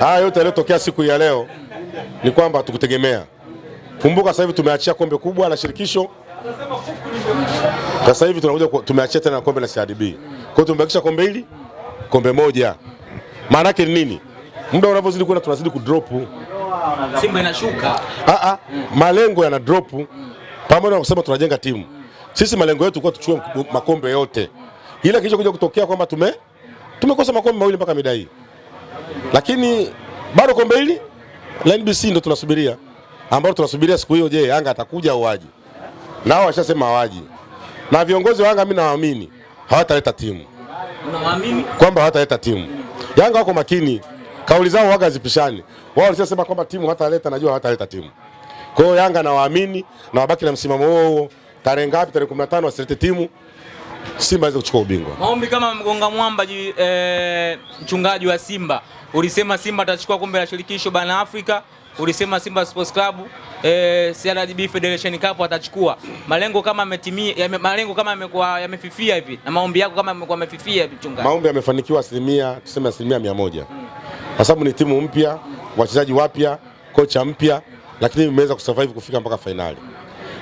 Haya yote yaliyotokea siku ya leo ni kwamba tukutegemea Kumbuka sasa hivi tumeachia kombe kubwa la shirikisho, sasa hivi tunakuja tumeachia tena kombe la CRDB. Kwa hiyo tumebakisha kombe hili, kombe moja. Maana yake ni nini? Muda unavyozidi kwenda tunazidi kudrop. Simba inashuka. Ah ah, malengo yana drop pamoja na kusema tunajenga timu. Sisi malengo yetu kwa tuchukue makombe yote. Ila kilichokuja kutokea kwamba tume tumekosa makombe mawili mpaka midai lakini bado kombe hili la NBC ndo tunasubiria, ambao tunasubiria siku hiyo. Je, Yanga atakuja au aje? Nao washasema waje, na viongozi wa Yanga mimi nawaamini hawataleta timu, unawaamini kwamba hawataleta timu. Yanga wako makini, kauli zao waga zipishani. Wao walishasema kwamba timu hawataleta, najua hawataleta timu. Kwa hiyo Yanga nawaamini na wabaki na msimamo huo huo. Tarehe ngapi? Tarehe 15 wasilete timu. Simba aweze kuchukua ubingwa. Maombi kama mgonga mwamba e, mchungaji wa Simba ulisema Simba atachukua kombe la shirikisho bana Afrika, ulisema Simba Sports Club e, CRDB Federation Cup atachukua. Malengo kama yametimia yame, malengo kama yamekuwa yamefifia hivi na maombi yako kama yamekuwa yamefifia hivi mchungaji. Maombi yamefanikiwa asilimia tuseme asilimia mia moja kwa sababu ni timu mpya, wachezaji wapya, kocha mpya, lakini imeweza kusurvive kufika mpaka fainali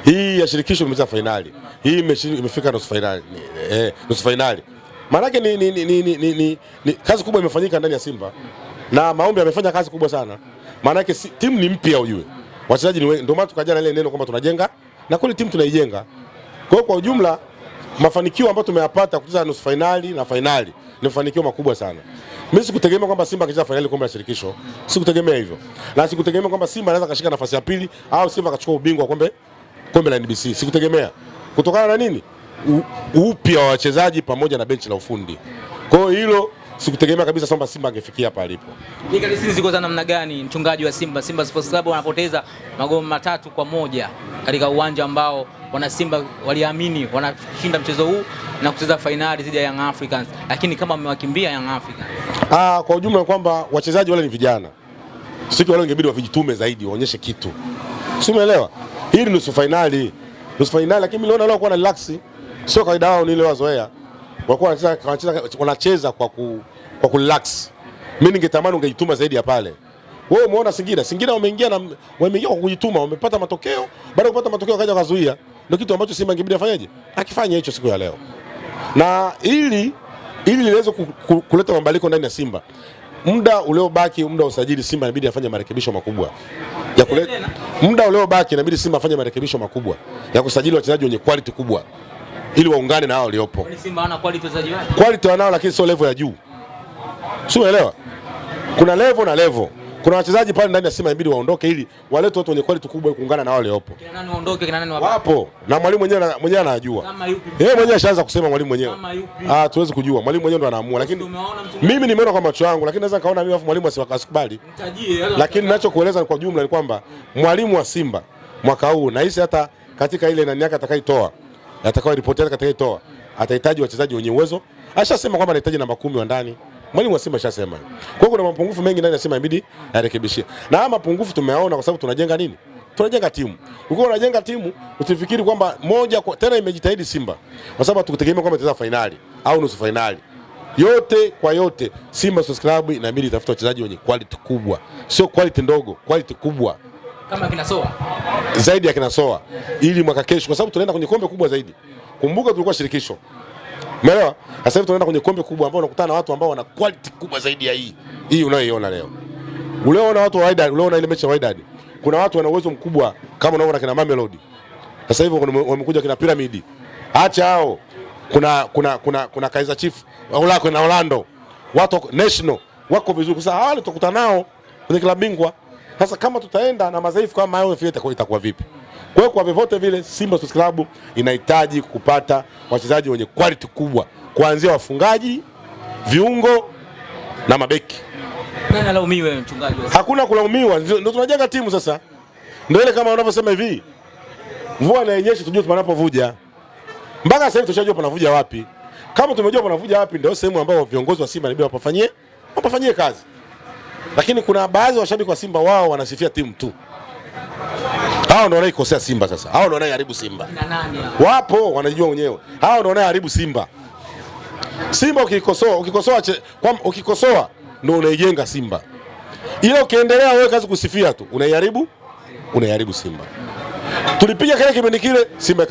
hii ya shirikisho imefika fainali, hii imefika nusu fainali eh, nusu fainali. Maanake ni, ni, ni, ni, ni, ni ni kazi kubwa imefanyika ndani ya Simba na maombi amefanya kazi kubwa sana, Maana yake si, timu ni mpya ujue, wachezaji ni wengi, ndio maana tukaja na ile neno kwamba tunajenga, na kweli timu tunaijenga. Kwa hiyo kwa ujumla mafanikio ambayo tumeyapata kucheza nusu fainali na fainali ni mafanikio makubwa sana. Mimi sikutegemea kwamba Simba akicheza fainali kombe la shirikisho, sikutegemea hivyo, na sikutegemea kwamba Simba anaweza kashika nafasi ya pili au Simba akachukua ubingwa kombe kombe la NBC sikutegemea, kutokana na nini? Upya wa wachezaji pamoja na benchi la ufundi. Kwa hiyo hilo sikutegemea kabisa kwamba Simba angefikia hapa alipo. Ziko za namna gani, mchungaji wa Simba? Simba Sports Club wanapoteza magomo matatu kwa moja katika uwanja ambao wana Simba waliamini wanashinda mchezo huu na kucheza fainali dhidi ya Young Africans, lakini kama wamewakimbia Young Africans. Ah, kwa ujumla kwamba wachezaji wale ni vijana, siku wale ingebidi wavijitume zaidi, waonyeshe kitu, si umeelewa? Hii ni nusu finali. nusu finali lakini mimi naona leo kwa na relax, sio kawaida wao yao niliowazoea, walikuwa wanacheza wanacheza wanacheza kwa ku kwa ku relax. Mimi ningetamani ungejituma zaidi ya pale. Wewe umeona Singida, Singida wameingia na wameingia kwa kujituma, wamepata matokeo, baada ya kupata matokeo wakaja wakazuia. Ndio kitu ambacho Simba ingebidi afanyeje? Akifanya hicho siku ya leo. Na ili ili liweze kuleta mabadiliko ndani ya Simba. Muda uliobaki, muda wa usajili, Simba inabidi afanye marekebisho makubwa ya kule... muda uliobaki, inabidi Simba afanye marekebisho makubwa ya kusajili wachezaji wenye quality kubwa ili waungane na hao waliopo. Simba hana quality wachezaji wake. Quality wanao, lakini sio level ya juu. Si unaelewa? Kuna level na level kuna wachezaji pale ndani ya Simba inabidi waondoke ili walete watu wenye quality kubwa kuungana na wale wapo. Kina nani waondoke, kina nani wabaki? Wapo. Na mwalimu mwenyewe mwenyewe anajua. Kama yupi? Yeye mwenyewe ashaanza kusema mwalimu mwenyewe. Kama yupi? Ah, tuwezi kujua. Mwalimu mwenyewe ndo anaamua lakini mimi nimeona kwa macho yangu lakini naweza kaona mimi afu mwalimu asikubali. Mtajie. Lakini ninachokueleza kwa jumla ni kwamba mwalimu wa Simba mwaka huu na hisi hata katika ile nani yake atakayoitoa atakayoripoti atakayoitoa atahitaji wachezaji wenye uwezo. Ashasema kwamba anahitaji namba kumi wa ndani mwalimu wa Simba ashasema. Kwa hiyo kuna mapungufu mengi ndani ya Simba inabidi arekebishie. Na haya mapungufu tumeaona kwa sababu tunajenga nini? Tunajenga timu. Ukiwa unajenga timu usifikiri kwamba moja kwa tena imejitahidi Simba. Kwa sababu tukutegemea kwamba itacheza finali au nusu finali. Yote kwa yote Simba Sports Club inabidi itafuta wachezaji wenye quality kubwa, sio quality ndogo, quality kubwa kama kinasoa zaidi ya kinasoa, ili mwaka kesho, kwa sababu tunaenda kwenye kombe kubwa zaidi. Kumbuka tulikuwa shirikisho Umeelewa? Sasa hivi tunaenda kwenye kombe kubwa ambao unakutana na watu ambao wana quality kubwa zaidi ya hii. Hii unayoiona leo. Uleona watu wa Wydad, uleona ile mechi ya Wydad. Kuna watu wana uwezo mkubwa kama unaona kina Mamelodi. Sasa hivi wamekuja kina Pyramid. Acha hao. Kuna kuna kuna kuna Kaizer Chiefs, lako na Orlando. Watu National wako vizuri. Sasa hawa tutakutana nao kwenye klabu bingwa. Sasa kama tutaenda na madhaifu kama hayo itakuwa vipi? Kwa hiyo kwa vyovyote vile Simba Sports Club inahitaji kupata wachezaji wenye quality kubwa kuanzia wafungaji, viungo na mabeki. Nani alaumiwe mchungaji? Hakuna kulaumiwa, ndio tunajenga timu sasa. Ndio ile kama wanavyosema hivi, mvua inanyesha tujue tunapovuja. Mpaka sasa hivi tushajua panavuja wapi. Kama tumejua panavuja wapi, ndio sehemu ambayo viongozi wa Simba inabidi wapafanyie wapafanyie kazi, lakini kuna baadhi ya washabiki wa Simba wao wanasifia timu tu. Hao ndio wanaikosea Simba sasa. Hao ndio wanaiharibu Simba. Na nani? Wapo wanajua wenyewe. Hao ndio wanaiharibu Simba. Simba ukikosoa, ukikosoa kwa ukikosoa ndio unaijenga Simba. Ile ukiendelea wewe kazi kusifia tu, unaiharibu unaiharibu Simba. Tulipiga kile kipindi kile Simba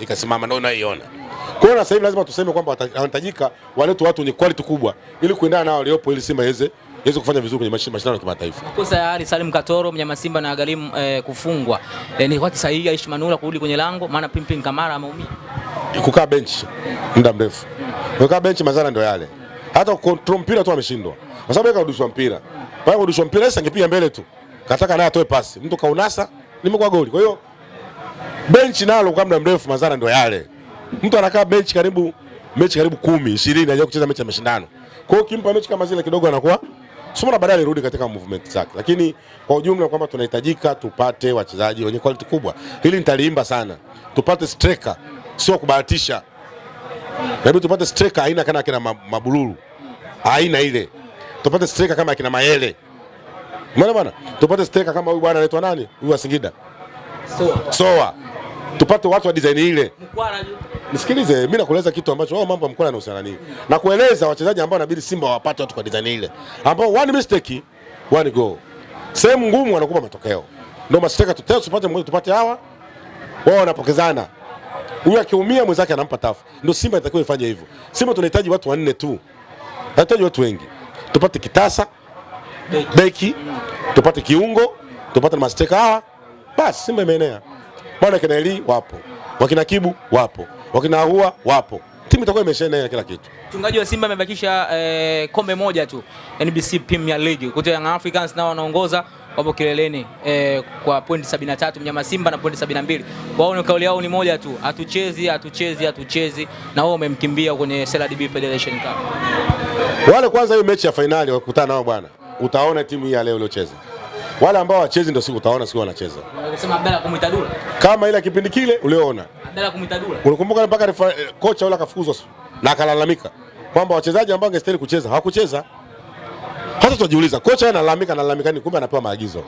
ikasimama ndio unaiona. Kwa hiyo na sasa hivi lazima tuseme kwamba wanahitajika walete watu wenye quality kubwa ili kuendana na waliopo ili Simba iweze iweze kufanya vizuri kwenye mashindano ya kimataifa. Kosa ya Ali Salim Katoro mnyama Simba na Galim eh, kufungwa eh, ni wakati sahihi Aishi Manula kurudi kwenye lango, maana Pimpin Kamara ameumia kukaa bench muda mrefu hmm. Kukaa bench mazara ndio yale, hata kucontrol mpira tu ameshindwa kwa sababu akarudishwa mpira pale, kurudishwa mpira sasa, angepiga mbele tu, kataka naye atoe pasi, mtu kaunasa, nimekuwa goli. Kwa hiyo benchi nalo kwa muda mrefu mazara ndio yale, mtu anakaa benchi karibu mechi karibu kumi ishirini haja kucheza mechi ya mashindano. Kwa hiyo kimpa mechi kama zile kidogo anakuwa Sumana baadaye alirudi katika movement zake, lakini kwa ujumla kwamba tunahitajika tupate wachezaji wenye quality kubwa. Hili nitaliimba sana, tupate striker, sio kubahatisha. Labda yaani tupate striker aina kana kina Mabululu, aina ile, tupate striker kama kina Mayele, umeona bwana, tupate striker kama huyu bwana anaitwa nani, huyu wa Singida Soa, Soa tupate watu wa design ile. Nisikilize, mimi nakueleza kitu ambacho wao oh, mambo mkwara yanahusiana nini. Na kueleza wachezaji ambao inabidi Simba wapate watu kwa design ile. Ambao one mistake, one goal. Sehemu ngumu wanakupa matokeo. Ndio mashtaka tutetea tupate mmoja tupate hawa. Wao wanapokezana. Huyu akiumia mwenzake anampa tafu. Ndio Simba itakiwa ifanye hivyo. Simba tunahitaji watu wanne tu. Tunahitaji watu wengi. Tupate kitasa, beki, tupate kiungo, tupate mashtaka hawa. Basi Simba imeenea bwana kina Eli wapo, wakina Kibu wapo, wakina Ahua wapo, timu itakuwa imeshaenda kila kitu. Mchungaji wa Simba amebakisha eh, kombe moja tu NBC Premier League, kutoka Young Africans nao wanaongoza wapo kileleni eh, kwa pointi 73 mnyama Simba na pointi 72. Wao ni kauli yao ni moja tu, hatuchezi hatuchezi hatuchezi, na wao wamemkimbia kwenye CRDB Federation Cup. Wale kwanza hiyo mechi ya fainali wakutana nao bwana, utaona timu hii ya leo iliocheza wale ambao wachezi ndio siku utaona siku wanacheza. Unasema Abdalla kumuita Dula? Kama ile kipindi kile uliona. Abdalla kumuita Dula. Unakumbuka mpaka eh, kocha yule akafukuzwa na akalalamika kwamba wachezaji ambao angestahili kucheza hawakucheza. Hata tunajiuliza kocha analalamika analalamika ni kumbe anapewa maagizo.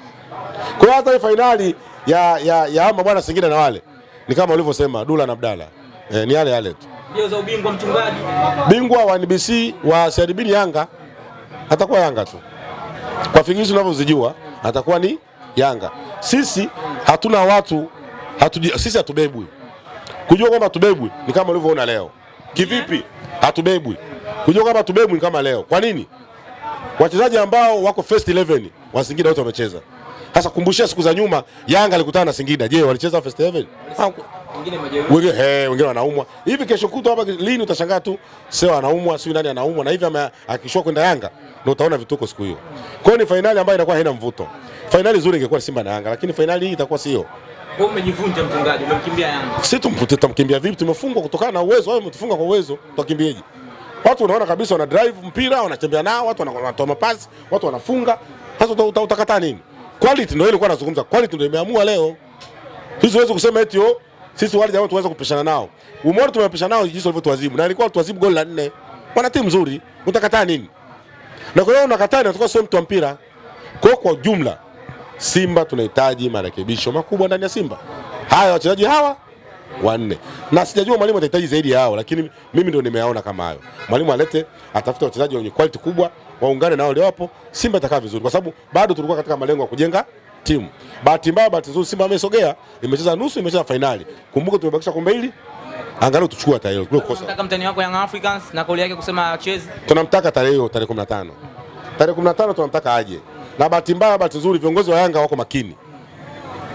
Kwa hiyo hata finali ya ya ya ama bwana Singida na wale ni kama ulivyosema Dula na Abdalla. E, ni yale yale tu. Ndio za ubingwa mchungaji. Bingwa wa NBC wa Sharibini Yanga atakuwa Yanga tu. Kwa fingizi unavyozijua atakuwa ni Yanga. Sisi hatuna watu hatu, sisi hatubebwi. Kujua kwamba tubebwi ni kama ulivyoona leo. Kivipi? Hatubebwi. Kujua kwamba tubebwi ni kama leo. Kwa nini? Wachezaji ambao wako first 11 wa Singida wote wamecheza. Sasa kumbushia siku za nyuma Yanga alikutana na Singida. Je, walicheza first 11? Ah, wengine majeruhi. Wengine wengine wanaumwa. Hivi kesho kutwa hapa lini utashangaa tu, sio anaumwa, sio nani anaumwa na hivi akishua kwenda Yanga ndio utaona vituko siku hiyo. Kwa hiyo ni fainali ambayo inakuwa haina mvuto. Fainali nzuri ingekuwa Simba na Yanga, lakini fainali hii itakuwa sio. Wewe umejivunja mchungaji, umemkimbia Yanga. Sisi tutamkimbia vipi? Tumefungwa kutokana na uwezo, wao wametufunga kwa uwezo, tukimbieje? Watu wanaona kabisa wana drive mpira, wanatembea nao, watu wanatoa mapasi, watu wanafunga. Sasa uta, utakataa nini? Quality ndio ile ilikuwa nazungumza. Quality ndio imeamua leo. Sisi huwezi kusema eti yo oh, sisi wale jamaa tuweza kupishana nao. Umeona tumepishana nao jinsi walivyotuadhibu. Na ilikuwa tuadhibu goli la 4. Wana timu nzuri. Utakataa nini? na kwa hiyo unakataa, inatakuwa sio mtu wa mpira. Kwa hiyo kwa jumla, Simba tunahitaji marekebisho makubwa ndani ya Simba, haya wachezaji hawa wanne, na sijajua mwalimu atahitaji zaidi ya hao, lakini mimi ndio nimeyaona kama hayo. Mwalimu alete, atafute wachezaji wenye quality kubwa, waungane nao wale wapo, Simba itakaa vizuri, kwa sababu bado tulikuwa katika malengo ya kujenga timu. Bahati mbaya, bahati nzuri, Simba amesogea, imecheza nusu, imecheza fainali. Kumbuka tumebakisha kombe hili angalau tuchukua tarehe hiyo. Tunataka mtani wako Young Africans na kauli yake kusema cheze. Tunamtaka tarehe hiyo tarehe 15. Tarehe 15 tunamtaka aje. Na bahati mbaya bahati nzuri viongozi wa Yanga wako makini.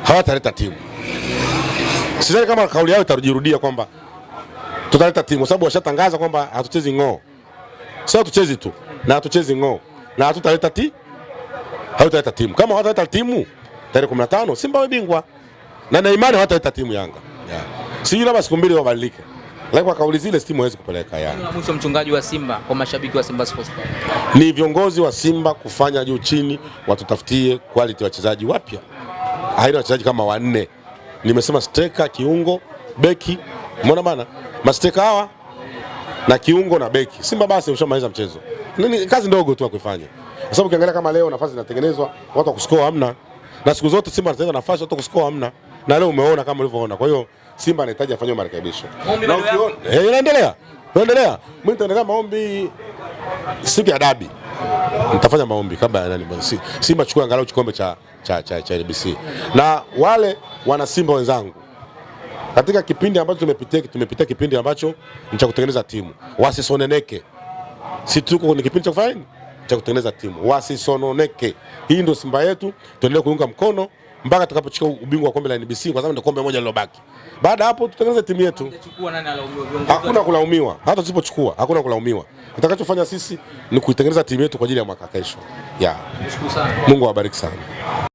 Hawataleta timu. Sidhani kama kauli yao itarudirudia kwamba tutaleta timu sababu washatangaza kwamba hatuchezi ng'oo. Sasa tuchezi tu na hatuchezi ng'oo na hatutaleta ti hawataleta timu. Kama hawataleta timu tarehe 15 Simba bingwa. Na na imani hawataleta timu Yanga. Yeah sijui labda siku mbili wabadilike, lakini kwa kauli zile timu hawezi kupeleka yani. Na mwisho, mchungaji wa Simba kwa mashabiki wa Simba Sports Club, ni viongozi wa Simba kufanya juu chini, watutafutie quality wachezaji wapya, haina wachezaji kama wanne. Nimesema steka, kiungo, beki, umeona bana, masteka hawa na kiungo na beki Simba, basi ushamaliza mchezo. Nini kazi ndogo tu ya kuifanya, kwa sababu ukiangalia kama leo nafasi zinatengenezwa, watu wa kuscore hamna, na siku zote Simba anatengeneza nafasi watu wa kuscore hamna, na leo umeona kama ulivyoona. Kwa hiyo Simba anahitaji afanywe marekebisho. Na ukiona eh, inaendelea mimi nitaendelea maombi siku ya dabi nitafanya maombi kabla ya nani, Simba chukua angalau kikombe cha cha cha cha NBC. Na wale wana Simba wenzangu katika kipindi ambacho tumepitia tumepitia kipindi ambacho ni cha kutengeneza timu, wasisoneneke, si tuko kipindi cha kufanya cha kutengeneza timu, wasisononeke. Hii ndio Simba yetu, tuendelee kuiunga mkono mpaka tutakapochukua ubingwa wa kombe la NBC, kwa sababu ndio kombe moja lilobaki. Baada hapo tutengeneze timu yetu, hakuna kulaumiwa. Hata tusipochukua hakuna kulaumiwa. Tutakachofanya sisi ni kuitengeneza timu yetu kwa ajili ya mwaka kesho. Yeah, Mungu awabariki sana.